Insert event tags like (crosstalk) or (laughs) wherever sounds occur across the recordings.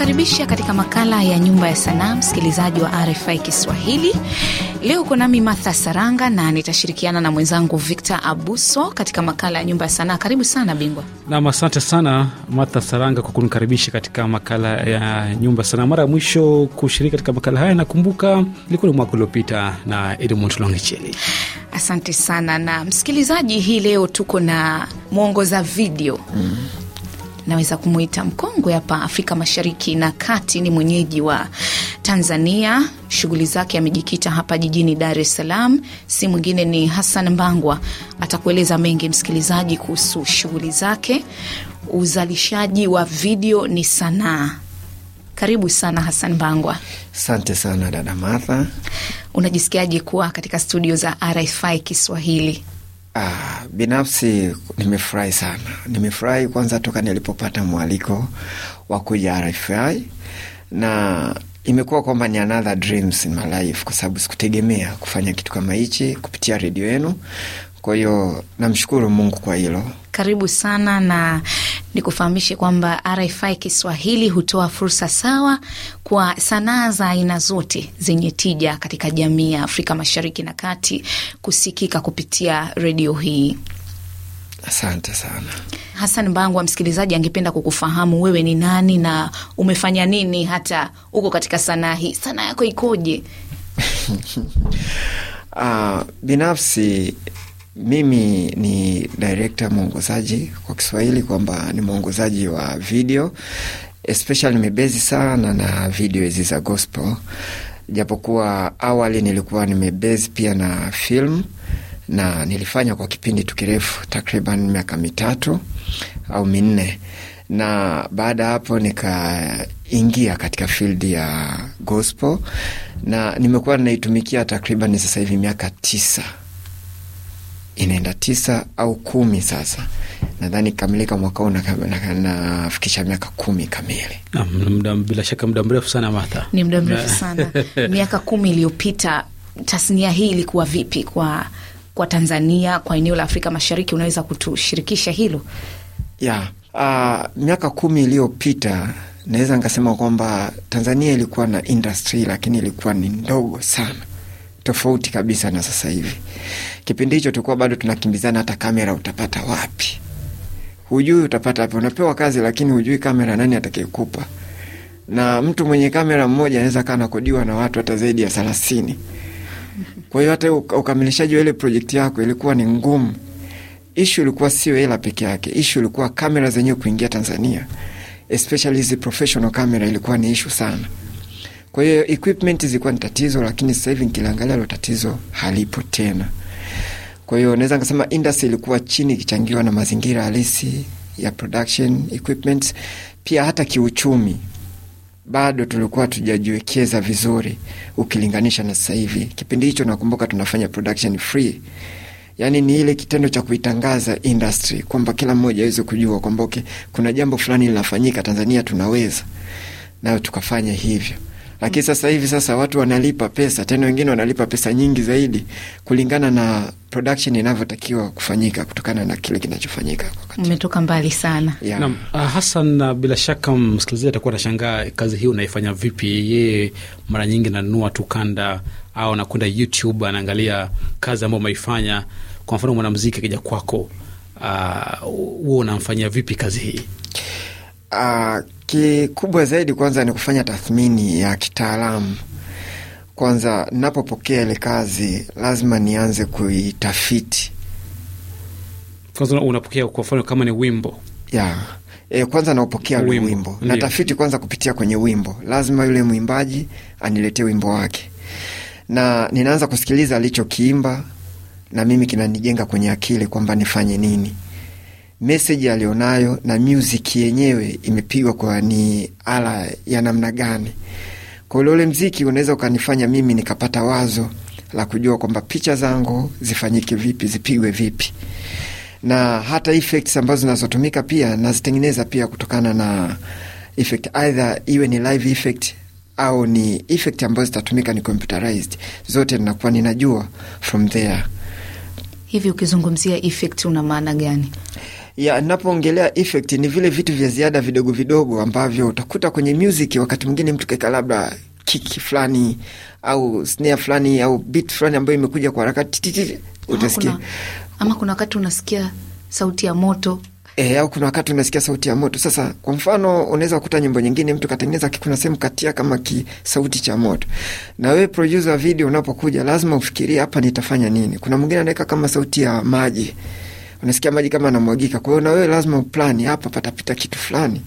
kukaribisha katika makala ya Nyumba ya Sanaa, msikilizaji wa RFI Kiswahili. Leo uko nami Martha Saranga na nitashirikiana na mwenzangu Victor Abuso katika makala ya Nyumba ya Sanaa. Karibu sana bingwa. Nam, asante sana Martha Saranga kwa kunikaribisha katika makala ya Nyumba ya Sanaa. Mara ya mwisho kushiriki katika makala haya nakumbuka ilikuwa ni mwaka uliopita na Edmund Longicheli. Asante sana na msikilizaji, hii leo tuko na mwongoza video mm. -hmm naweza kumuita mkongwe hapa Afrika Mashariki na Kati, ni mwenyeji wa Tanzania. Shughuli zake amejikita hapa jijini Dar es Salaam. Si mwingine ni Hassan Mbangwa, atakueleza mengi msikilizaji kuhusu shughuli zake. Uzalishaji wa video ni sanaa. Karibu sana Hassan Mbangwa. Asante sana dada Martha. Unajisikiaje kuwa katika studio za RFI Kiswahili? Ah, binafsi nimefurahi sana. Nimefurahi kwanza toka nilipopata mwaliko wa kuja RFI na imekuwa kwamba ni another dreams in my life, kwa sababu sikutegemea kufanya kitu kama hichi kupitia redio yenu. Kwa hiyo namshukuru Mungu kwa hilo. Karibu sana na ni kufahamishe kwamba RFI Kiswahili hutoa fursa sawa kwa sanaa za aina zote zenye tija katika jamii ya Afrika Mashariki na Kati kusikika kupitia redio hii. Asante sana Hasan Mbangwa. Msikilizaji angependa kukufahamu wewe ni nani na umefanya nini, hata uko katika sanaa hii, sanaa yako ikoje? Uh, (laughs) binafsi mimi ni direkta mwongozaji kwa Kiswahili kwamba ni mwongozaji wa video, especially nimebezi sana na video hizi za gospel, japokuwa awali nilikuwa nimebezi pia na film na nilifanya kwa kipindi tu kirefu takriban miaka mitatu au minne, na baada ya hapo nikaingia katika field ya gospel na nimekuwa naitumikia takriban sasa hivi miaka tisa inaenda tisa au kumi sasa nadhani kamilika mwaka huu nafikisha miaka kumi kamili. Bila shaka muda mrefu sana matha ni muda mrefu eh. sana (laughs) miaka kumi iliyopita tasnia hii ilikuwa vipi kwa kwa Tanzania, kwa eneo la Afrika Mashariki? Unaweza kutushirikisha hilo? Yeah. Uh, miaka kumi iliyopita naweza nikasema kwamba Tanzania ilikuwa na industry lakini ilikuwa ni ndogo sana tofauti kabisa na sasa hivi. Kipindi hicho tulikuwa bado tunakimbizana, hata kamera utapata wapi, hujui utapata wapi. Unapewa kazi, lakini hujui kamera nani atakayekupa, na mtu mwenye kamera mmoja anaweza kaa nakodiwa na watu hata zaidi ya thelathini. Kwa hiyo hata ukamilishaji wa ile projekti yako ilikuwa ni ngumu. Ishu ilikuwa sio hela peke yake, ishu ilikuwa kamera zenyewe kuingia Tanzania, especially hizi professional kamera, ilikuwa ni ishu sana. Kwa hiyo equipment zilikuwa ni tatizo, lakini sasa hivi nikiangalia tatizo halipo tena. Kwa hiyo naweza nikasema industry ilikuwa chini ikichangiwa na mazingira halisi ya production equipment, pia hata kiuchumi bado tulikuwa tujajiwekeza vizuri ukilinganisha na sasa hivi. Kipindi hicho nakumbuka tunafanya production free, yaani ni ile kitendo cha kuitangaza industry kwamba kila mmoja aweze kujua kwamba okay, kuna jambo fulani linafanyika Tanzania, tunaweza nayo tukafanya hivyo. Lakini sasa hivi sasa watu wanalipa pesa tena, wengine wanalipa pesa nyingi zaidi kulingana na production inavyotakiwa kufanyika kutokana na kile kinachofanyika. Umetoka mbali sana yeah. Naam, ah, Hasan, bila shaka msikilizaji atakuwa anashangaa kazi hii unaifanya vipi? Yeye mara nyingi ananunua tu kanda au anakwenda YouTube anaangalia kazi ambayo umeifanya. Kwa mfano mwanamziki akija kwako, ah, huo uh, unamfanyia vipi kazi hii? Uh, Kikubwa zaidi kwanza ni kufanya tathmini ya kitaalamu. Kwanza napopokea ile kazi lazima nianze kuitafiti kwanza. Unapokea kwa mfano kama ni wimbo yeah. E, kwanza naupokea wimbo, wimbo. Natafiti kwanza kupitia kwenye wimbo, lazima yule mwimbaji aniletee wimbo wake, na ninaanza kusikiliza alichokiimba, na mimi kinanijenga kwenye akili kwamba nifanye nini meseji alionayo na music yenyewe imepigwa kwa ni ala ya namna gani. Kwa hiyo ule mziki unaweza ukanifanya mimi nikapata wazo la kujua kwamba picha zangu zifanyike vipi, zipigwe vipi, na hata effects ambazo zinazotumika pia nazitengeneza pia kutokana na effect, either iwe ni live effect au ni effect ambazo zitatumika ni computerized, zote ninakuwa ninajua from there. Hivi ukizungumzia effect una maana gani? ya napoongelea effect ni vile vitu vya ziada vidogo vidogo ambavyo utakuta kwenye music, wakati mwingine mtu kaeka labda kiki fulani au snare fulani au beat fulani ambayo imekuja kwa haraka utasikia ama kuna, wakati unasikia sauti ya moto E, au kuna wakati unasikia sauti ya moto. Sasa kwa mfano, unaweza kukuta nyimbo nyingine mtu katengeneza, kuna sehemu katia kama kisauti cha moto, na wewe producer video unapokuja, lazima ufikirie hapa nitafanya nini. Kuna mwingine anaweka kama sauti ya maji unasikia maji kama anamwagika. Kwa hiyo na wewe lazima uplani, hapa patapita kitu fulani.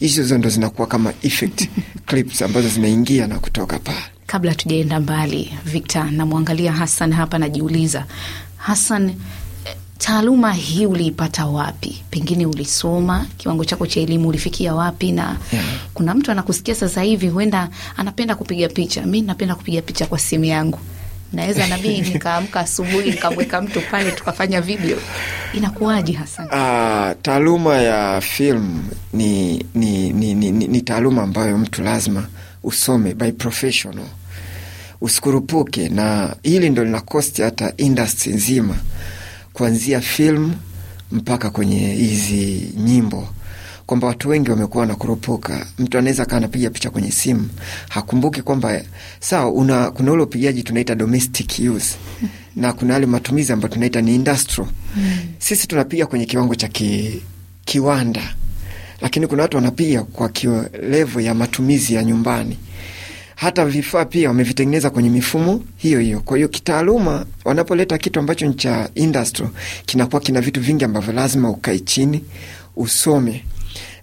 Hizo ndo zinakuwa kama effect (laughs) clips ambazo zinaingia na kutoka pale. Kabla tujaenda mbali, Victor, namwangalia Hassan hapa, najiuliza Hassan, taaluma hii uliipata wapi? Pengine ulisoma, kiwango chako cha elimu ulifikia wapi? Na yeah. Kuna mtu anakusikia sasa hivi, huenda anapenda kupiga picha. Mi napenda kupiga picha kwa simu yangu naweza nami nikaamka asubuhi nikamweka mtu pale tukafanya video, inakuwaje hasa? Uh, taaluma ya film ni, ni, ni, ni, ni, ni taaluma ambayo mtu lazima usome by professional, usikurupuke, na hili ndo lina kosti hata industry nzima, kuanzia film mpaka kwenye hizi nyimbo kwamba watu wengi wamekuwa wanakurupuka. Mtu anaweza akawa anapiga picha kwenye simu, hakumbuki kwamba sawa, una kuna ule upigaji tunaita domestic use hmm. na kuna yale matumizi ambayo tunaita ni industrial. Hmm. Sisi tunapiga kwenye kiwango cha ki, kiwanda, lakini kuna watu wanapiga kwa kilevo ya matumizi ya nyumbani hata vifaa pia wamevitengeneza kwenye mifumo hiyo hiyo. Kwa hiyo kitaaluma, wanapoleta kitu ambacho ni cha industry, kinakuwa kina vitu vingi ambavyo lazima ukae chini usome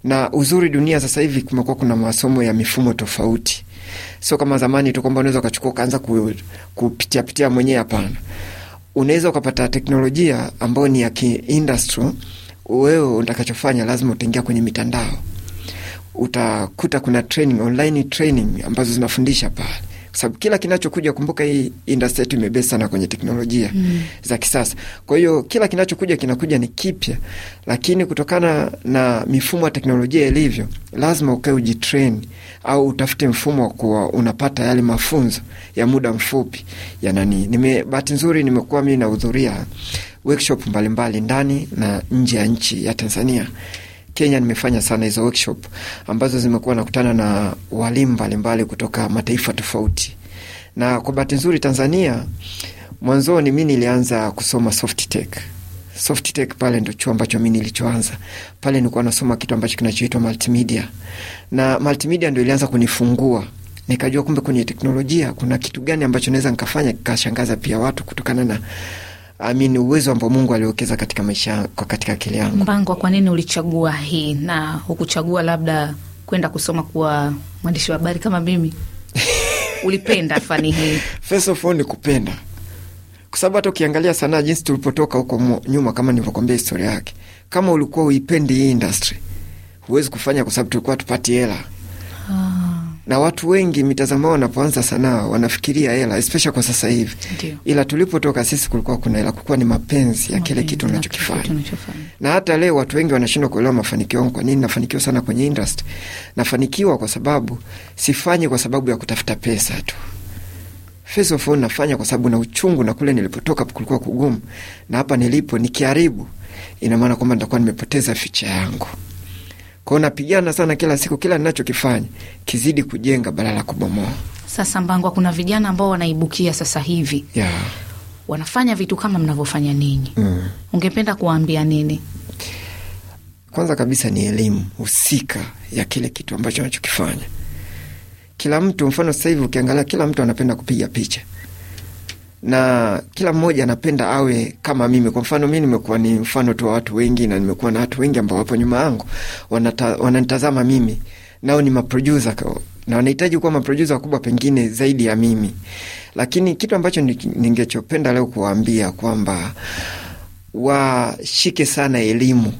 na uzuri dunia sasa hivi kumekuwa kuna masomo ya mifumo tofauti, sio kama zamani tu kwamba unaweza ukachukua ukaanza kupitiapitia mwenyewe. Hapana, unaweza ukapata teknolojia ambayo ni ya kiindustry. Wewe utakachofanya lazima utaingia kwenye mitandao, utakuta kuna training, online training ambazo zinafundisha pale sababu kila kinachokuja, kumbuka hii industry yetu imebesa sana kwenye teknolojia mm. za kisasa. Kwa hiyo kila kinachokuja kinakuja ni kipya, lakini kutokana na mifumo ya teknolojia ilivyo, lazima ukae ujitrain au utafute mfumo wa kuwa unapata yale mafunzo ya muda mfupi ya nani. Nime bahati nzuri nimekuwa mimi nahudhuria workshop mbalimbali ndani na nje ya nchi ya Tanzania Kenya nimefanya sana hizo workshop ambazo zimekuwa nakutana na walimu mbalimbali kutoka mataifa tofauti, na kwa bahati nzuri Tanzania mwanzoni mi nilianza kusoma soft tech. Soft tech pale ndo chuo ambacho mi nilichoanza pale, nilikuwa nasoma kitu ambacho kinachoitwa multimedia, na multimedia ndo ilianza kunifungua nikajua kumbe kwenye teknolojia kuna kitu gani ambacho naweza nikafanya kikashangaza pia watu kutokana na amini uwezo ambao Mungu aliwekeza katika maisha kwa katika akili yangu. Mpango, kwa nini ulichagua hii na hukuchagua labda kwenda kusoma kuwa mwandishi wa habari kama mimi? (laughs) Ulipenda fani hii? First of all ni kupenda, kwa sababu hata ukiangalia sanaa jinsi tulipotoka huko nyuma, kama nilivyokwambia historia yake, kama ulikuwa uipendi hii industry huwezi kufanya, kwa sababu tulikuwa tupati hela ah na watu wengi mitazamo wanapoanza sanaa wanafikiria hela, especially kwa sasa hivi. Ila tulipotoka sisi kulikuwa kuna hela, kulikuwa ni mapenzi ya kile kitu unachokifanya. Na hata leo watu wengi wanashindwa kuelewa mafanikio yangu. Kwa nini nafanikiwa sana kwenye industry? Nafanikiwa kwa sababu sifanyi kwa sababu ya kutafuta pesa tu. First of all, nafanya kwa sababu na uchungu, na kule nilipotoka kulikuwa kugumu, na hapa nilipo nikiharibu, ina maana kwamba nitakuwa nimepoteza ficha yangu kwao. Napigana sana kila siku, kila ninachokifanya kizidi kujenga badala ya kubomoa. Sasa Mbangwa, kuna vijana ambao wanaibukia sasa hivi yeah. wanafanya vitu kama mnavyofanya ninyi mm. ungependa kuwaambia nini? Kwanza kabisa ni elimu husika ya kile kitu ambacho anachokifanya. Kila mtu mfano, sasa hivi ukiangalia, kila mtu anapenda kupiga picha na kila mmoja anapenda awe kama mimi. Kwa mfano, mi nimekuwa ni mfano tu wa watu wengi, na nimekuwa na watu wengi ambao wapo nyuma yangu wananitazama mimi, nao ni maprodusa na wanahitaji kuwa maprodusa wakubwa pengine zaidi ya mimi. Lakini kitu ambacho ningechopenda leo kuwaambia kwamba washike sana elimu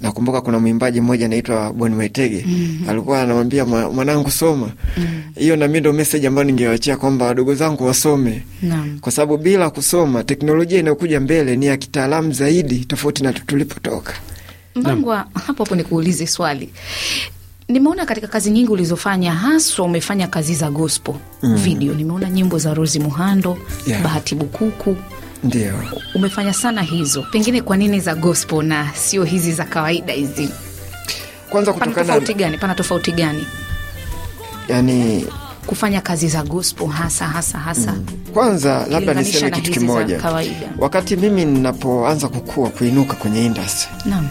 Nakumbuka kuna mwimbaji mmoja anaitwa Bon Waitege mm -hmm. alikuwa anamwambia mwanangu soma mm. hiyo mm -hmm. nami ndo meseji ambayo ningewachia kwamba wadogo zangu wasome Naam. kwa sababu bila kusoma teknolojia inayokuja mbele ni ya kitaalamu zaidi tofauti na tulipotoka. Mbangwa, hapo hapo nikuulize swali Nimeona katika kazi nyingi ulizofanya haswa umefanya kazi za gospel mm. video, nimeona nyimbo za Rozi Muhando yeah. Bahati Bukuku ndio, umefanya sana hizo. Pengine kwa nini za gospel na sio hizi za kawaida hizi? Kwanza kutokana pana tofauti gani? Pana tofauti gani yani kufanya kazi za gospel hasa hasa hasa mm. Kwanza labda niseme kitu kimoja, wakati mimi ninapoanza kukua kuinuka kwenye industry naam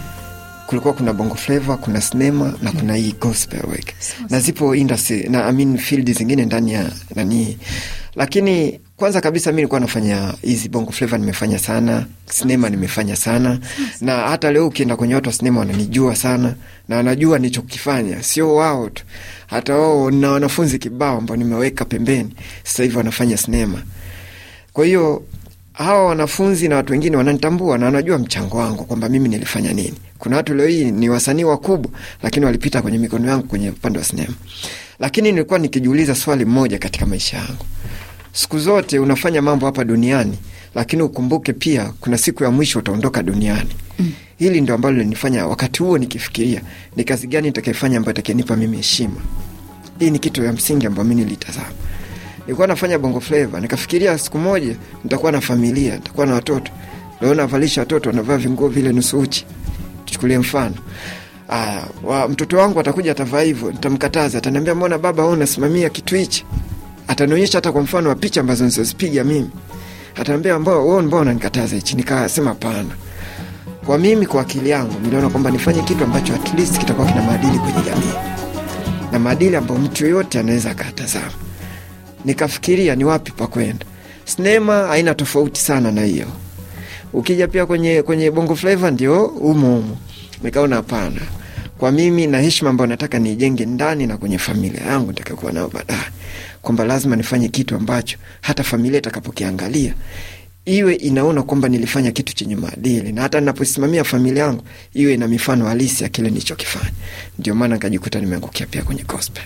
kulikuwa kuna bongo flava, kuna sinema na kuna hii gospel work na zipo industry na I mean field zingine ndani ya nani, lakini kwanza kabisa mi nilikuwa nafanya hizi bongo fleva, nimefanya sana sinema, nimefanya sana na hata leo ukienda kwenye watu wa sinema wananijua sana na wanajua nichokifanya sio wao tu, hata wao na wanafunzi kibao ambao nimeweka pembeni, sasa hivi wanafanya sinema. Kwa hiyo hawa wanafunzi na watu wengine wananitambua na wanajua mchango wangu kwamba mimi nilifanya nini. Kuna watu leo hii ni wasanii wakubwa, lakini walipita kwenye mikono yangu kwenye upande wa sinema. Lakini nilikuwa nikijiuliza swali moja katika maisha yangu Siku zote unafanya mambo hapa duniani, lakini ukumbuke pia kuna siku ya mwisho utaondoka duniani. Mm. Hili ndo ambalo linifanya wakati huo nikifikiria ni kazi gani nitakayofanya ambayo itakayonipa mimi heshima. Hii ni kitu ya msingi ambayo mi nilitazama. Nilikuwa nafanya Bongo Flava, nikafikiria siku moja nitakuwa na familia, nitakuwa na watoto, leo navalisha watoto, wanavaa vinguo vile nusu uchi, tuchukulie mfano Aa, ah, wa, mtoto wangu atakuja atavaa hivyo, nitamkataza, ataniambia mbona baba unasimamia kitu hichi? atanionyesha hata kwa mfano wa picha ambazo nizozipiga mimi, ataniambia ambao wo mbona nikataza hichi? Nikasema hapana, kwa mimi, kwa akili yangu niliona kwamba nifanye kitu ambacho at least kitakuwa kina maadili kwenye jamii na maadili ambayo mtu yoyote anaweza akatazama. Nikafikiria ni wapi pa kwenda. Sinema haina tofauti sana na hiyo. Ukija pia kwenye, kwenye bongo flavo ndio umo umo. Nikaona hapana, kwa mimi na heshima ambayo nataka niijenge ndani na kwenye familia yangu nitakayokuwa nayo baadaye, kwamba lazima nifanye kitu ambacho hata familia itakapokiangalia iwe inaona kwamba nilifanya kitu chenye maadili, na hata naposimamia familia yangu iwe ina mifano halisi ya kile nilichokifanya. Ndio maana nikajikuta nimeangukia pia kwenye gospel.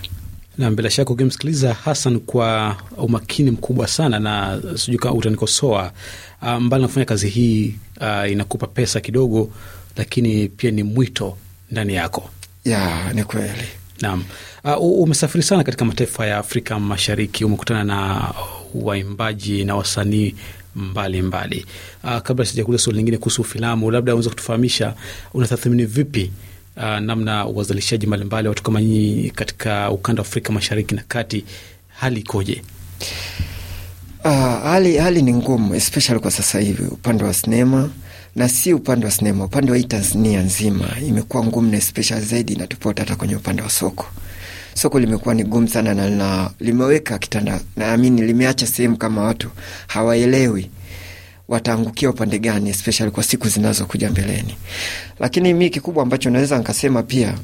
Na bila shaka ukimsikiliza Hasan kwa umakini mkubwa sana, na sijui kama utanikosoa, ah, mbali nafanya kazi hii uh, inakupa pesa kidogo, lakini pia ni mwito ndani yako. Ya, ni kweli Naam, uh, umesafiri sana katika mataifa ya Afrika Mashariki, umekutana na waimbaji na wasanii mbalimbali. Uh, kabla sijakuuliza swali lingine kuhusu filamu, labda unaweza kutufahamisha unatathmini vipi uh, namna wazalishaji mbalimbali watu kama nyinyi katika ukanda wa Afrika Mashariki na Kati, hali ikoje? Uh, hali, hali ni ngumu especially kwa sasa hivi upande wa sinema na si upande wa sinema, upande wa hii Tanzania nzima imekuwa ngumu, na special zaidi inatupota hata kwenye upande wa soko. Soko limekuwa ni gumu sana na, na limeweka kitanda, naamini limeacha sehemu kama watu hawaelewi wataangukia upande gani, especially kwa siku zinazokuja mbeleni. Lakini mi kikubwa ambacho naweza nkasema pia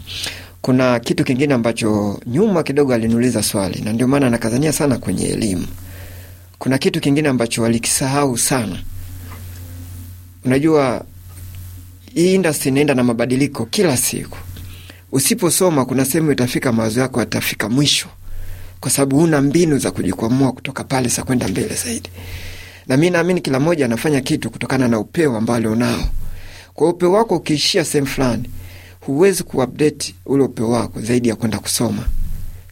kuna kitu kingine ambacho nyuma kidogo aliniuliza swali, na ndio maana nakazania sana kwenye elimu. Kuna kitu kingine ambacho walikisahau sana Unajua hii industry inaenda na mabadiliko kila siku. Usiposoma, kuna sehemu itafika, mawazo yako yatafika mwisho, kwa sababu huna mbinu za kujikwamua kutoka pale za kwenda mbele zaidi. Na mi naamini kila mmoja anafanya kitu kutokana na upeo ambao alionao. Kwa upeo wako ukiishia sehemu fulani, huwezi kuupdate ule upeo wako zaidi ya kwenda kusoma.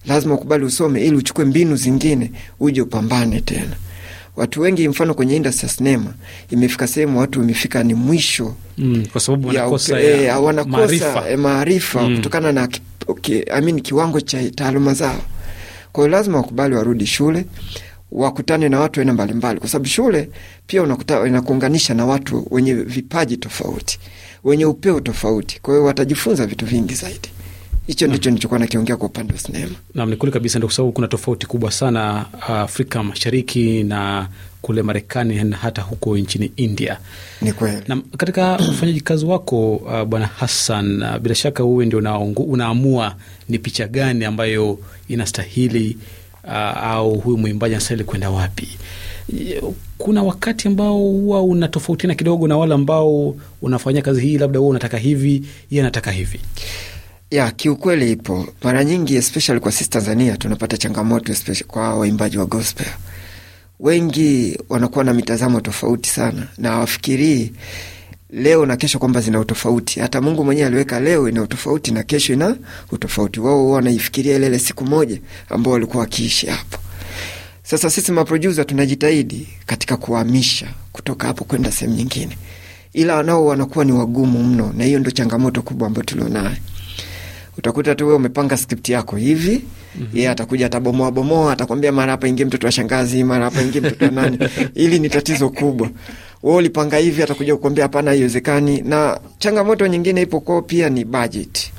Lazima ukubali usome, ili uchukue mbinu zingine, uje upambane tena watu wengi, mfano kwenye industry ya sinema imefika sehemu watu wamefika ni mwisho mm, kwa sababu wanakosa ya wanakosa eh, maarifa mm, kutokana na okay, I mean, kiwango cha taaluma zao. Kwa hiyo lazima wakubali warudi shule wakutane na watu aina mbalimbali, kwa sababu shule pia inakuunganisha na watu wenye vipaji tofauti, wenye upeo tofauti. Kwa hiyo watajifunza vitu vingi zaidi. Hicho ndicho nilichokuwa nakiongea kwa upande wa sinema. Naam, ni kweli kabisa, ndio kwa sababu kuna tofauti kubwa sana uh, Afrika Mashariki na kule Marekani na hata huko nchini India. Ni kweli. Na katika (clears throat) ufanyaji kazi wako uh, bwana Hassan uh, bila shaka wewe ndio unaamua ni picha gani ambayo inastahili uh, au huyu mwimbaji anastahili kwenda wapi. Kuna wakati ambao huwa unatofautiana kidogo na wale ambao unafanyia kazi hii, labda wewe unataka hivi, yeye anataka hivi ya kiukweli ipo mara nyingi, especially kwa sisi Tanzania tunapata changamoto especially kwa waimbaji wa gospel. Wengi wanakuwa na mitazamo tofauti sana na hawafikirii leo na kesho kwamba zina utofauti. Hata Mungu mwenyewe aliweka leo ina utofauti na kesho ina utofauti. Wao wanaifikiria ile ile siku moja ambao walikuwa wakiishi hapo. Sasa sisi maprodusa tunajitahidi katika kuhamisha kutoka hapo kwenda sehemu nyingine, ila nao wanakuwa ni wagumu mno, na hiyo ndo changamoto kubwa ambayo tulionayo utakuta tu wewe umepanga skripti yako hivi mm -hmm. Yeye atakuja atabomoa bomoa, atakwambia mara hapa ingie mtoto wa shangazi, mara hapa ingie mtoto wa nani. (laughs) Hili ni tatizo kubwa. Wewe ulipanga hivi, atakuja kukwambia hapana, haiwezekani. Na changamoto nyingine ipo kwao pia ni budget,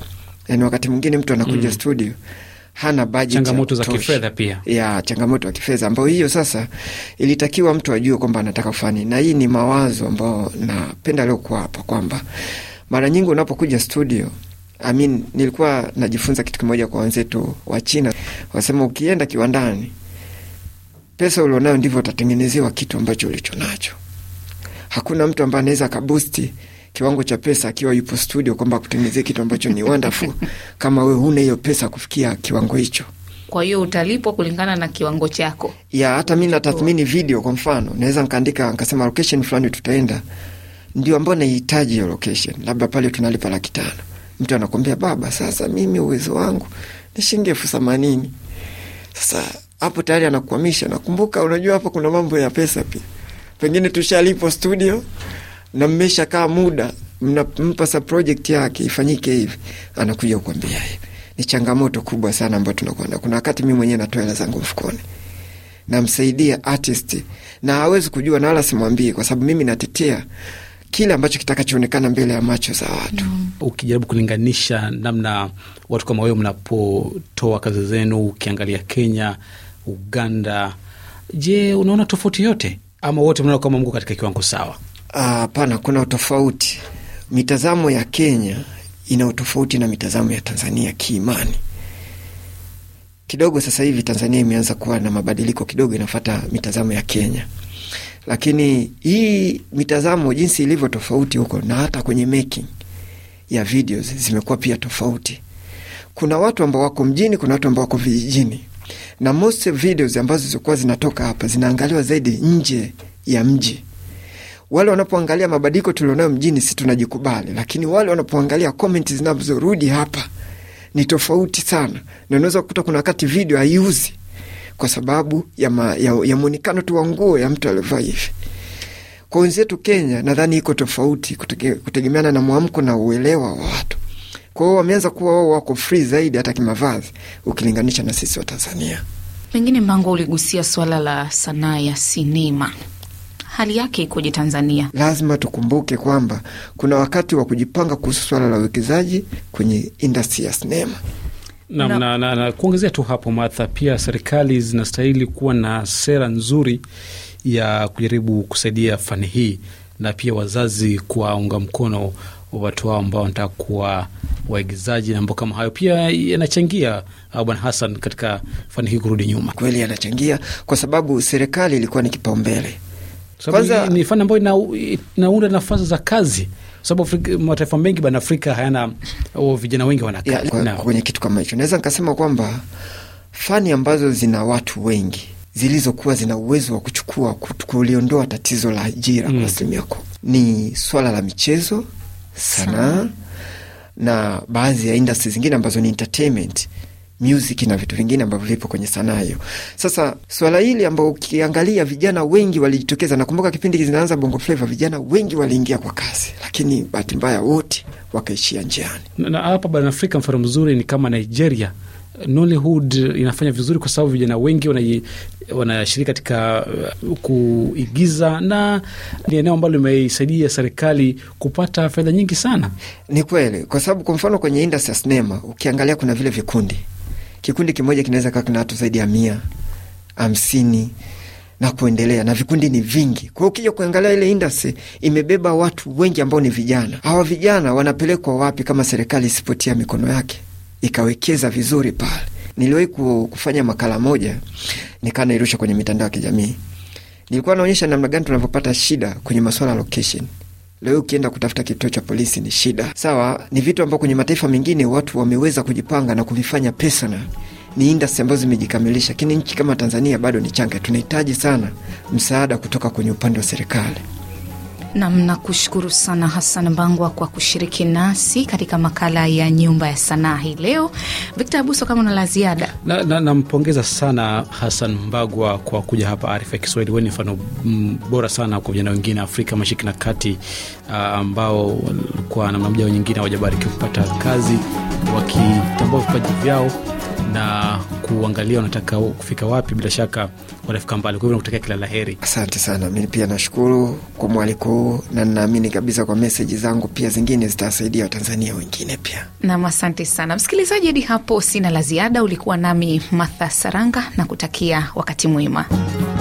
yani wakati mwingine mtu anakuja mm studio hana bajeti, changamoto za kifedha pia ya changamoto ya kifedha ambayo hiyo sasa ilitakiwa mtu ajue kwamba anataka kufanya, na hii ni mawazo ambayo napenda leo kuwapa kwamba mara nyingi unapokuja studio I mean, nilikuwa najifunza kitu kimoja kwa wenzetu wa China, wasema ukienda kiwandani, pesa ulionayo ndivyo utatengenezewa kitu ambacho ulicho nacho. Hakuna mtu ambaye anaweza kabusti kiwango cha pesa akiwa yupo studio kwamba akutengenezee kitu ambacho ni wonderful (laughs) kama we huna hiyo pesa kufikia kiwango hicho. Kwa hiyo utalipwa kulingana na kiwango chako ya hata mi natathmini video, kwa mfano naweza nkaandika nkasema location fulani tutaenda, ndio ambao nahitaji hiyo location, labda pale tunalipa laki tano Mtu anakwambia baba, sasa mimi uwezo wangu ni shilingi elfu themanini. Sasa hapo tayari anakukwamisha. Nakumbuka, unajua hapa kuna mambo ya pesa pia, pengine tushalipo studio na mmeshakaa muda, mnampa sa project yake ifanyike hivi, anakuja kukwambia hivi. Ni changamoto kubwa sana ambayo tunakwenda. Kuna wakati mi mwenyewe natoa hela zangu mfukoni namsaidia artist na hawezi kujua na wala simwambie, kwa sababu mimi natetea kile ambacho kitakachoonekana mbele ya macho za watu mm. Ukijaribu kulinganisha namna watu kama wewe mnapotoa kazi zenu, ukiangalia Kenya, Uganda, je, unaona tofauti yote ama wote mnaona kama mko katika kiwango sawa? Hapana, uh, kuna utofauti. Mitazamo ya Kenya ina utofauti na mitazamo ya Tanzania kiimani kidogo. Sasa hivi Tanzania imeanza kuwa na mabadiliko kidogo, inafata mitazamo ya Kenya lakini hii mitazamo jinsi ilivyo tofauti huko na hata kwenye making ya videos zimekuwa pia tofauti. Kuna watu ambao wako mjini, kuna watu ambao wako vijijini, na most videos ambazo zilikuwa zinatoka hapa zinaangaliwa zaidi nje ya mji. Wale wanapoangalia mabadiliko tulionayo mjini, si tunajikubali, lakini wale wanapoangalia komenti zinazorudi hapa ni tofauti sana, na unaweza kukuta kuna wakati video haiuzi kwa sababu ya, ma, ya, ya mwonekano tu wa nguo ya mtu aliovaa hivi. Kwa wenzetu Kenya nadhani iko tofauti kutege, kutegemeana na mwamko na uelewa wa watu. Kwa hiyo wameanza kuwa wao wako free zaidi hata kimavazi ukilinganisha na sisi wa Tanzania. Pengine Mbango, uligusia swala la sanaa ya sinema, hali yake ikoje Tanzania? Lazima tukumbuke kwamba kuna wakati wa kujipanga kuhusu swala la uwekezaji kwenye industry ya sinema na, na, na, na kuongezea tu hapo Martha, pia serikali zinastahili kuwa na sera nzuri ya kujaribu kusaidia fani hii na pia wazazi kuwaunga mkono watu wao ambao wanataka kuwa waigizaji na mambo kama hayo. Pia yanachangia uh, Bwana Hassan katika fani hii kurudi nyuma. Kweli yanachangia kwa sababu serikali ilikuwa ni kipaumbele kwanza, ni fani ambayo inaunda nafasi za kazi sababu mataifa mengi bana Afrika hayana vijana wengi wanakaa kwenye kitu kama hicho. Naweza nikasema kwamba fani ambazo zina watu wengi zilizokuwa zina uwezo wa kuchukua kuliondoa tatizo la ajira mm, kwa asilimia yako ni swala la michezo, sanaa na baadhi ya industry zingine ambazo ni entertainment music na vitu vingine ambavyo vipo kwenye sanaa hiyo. Sasa swala hili ambao ukiangalia vijana wengi walijitokeza, nakumbuka kipindi zinaanza Bongo Flava, vijana wengi waliingia kwa kasi, lakini bahati mbaya wote wakaishia njiani. Na hapa barani Afrika mfano mzuri ni kama Nigeria. Nollywood inafanya vizuri kwa sababu vijana wengi wanashiriki katika uh, kuigiza na ni eneo ambalo limeisaidia serikali kupata fedha nyingi sana. Ni kweli, kwa sababu kwa mfano kwenye industry ya sinema ukiangalia kuna vile vikundi Kikundi kimoja kinaweza kaa kina watu zaidi ya mia hamsini na kuendelea, na vikundi ni vingi. Kwa hiyo ukija kuangalia ile industry imebeba watu wengi ambao ni vijana. Hawa vijana wanapelekwa wapi kama serikali isipotia mikono yake ikawekeza vizuri pale? Niliwahi kufanya makala moja nikaa nairusha kwenye mitandao ya kijamii, nilikuwa naonyesha namna gani tunavyopata shida kwenye masuala location Leo ukienda kutafuta kituo cha polisi ni shida. Sawa, ni vitu ambao kwenye mataifa mengine watu wameweza kujipanga na kuvifanya personal ni industry ambazo zimejikamilisha, lakini nchi kama Tanzania bado ni changa. Tunahitaji sana msaada kutoka kwenye upande wa serikali. Nam, nakushukuru sana Hassan Mbangwa kwa kushiriki nasi katika makala ya Nyumba ya Sanaa hii leo. Victor Abuso, kama una la ziada? Nampongeza na, na sana Hassan mbagwa kwa kuja hapa Arifa ya Kiswahili. Wewe ni mfano bora sana kwa vijana wengine Afrika Mashariki na Kati ah, ambao kwa namna moja nyingine hawajabariki kupata kazi wakitambua vipaji vyao na kuangalia wanataka kufika wapi, bila shaka watafika mbali. Kwa hivyo nakutakia kila la heri. Asante sana, mi pia nashukuru kwa mwaliko huu na ninaamini kabisa kwa meseji zangu pia zingine zitawasaidia watanzania wengine pia. Nam, asante sana msikilizaji. Hadi hapo sina la ziada. Ulikuwa nami matha Saranga na kutakia wakati mwema.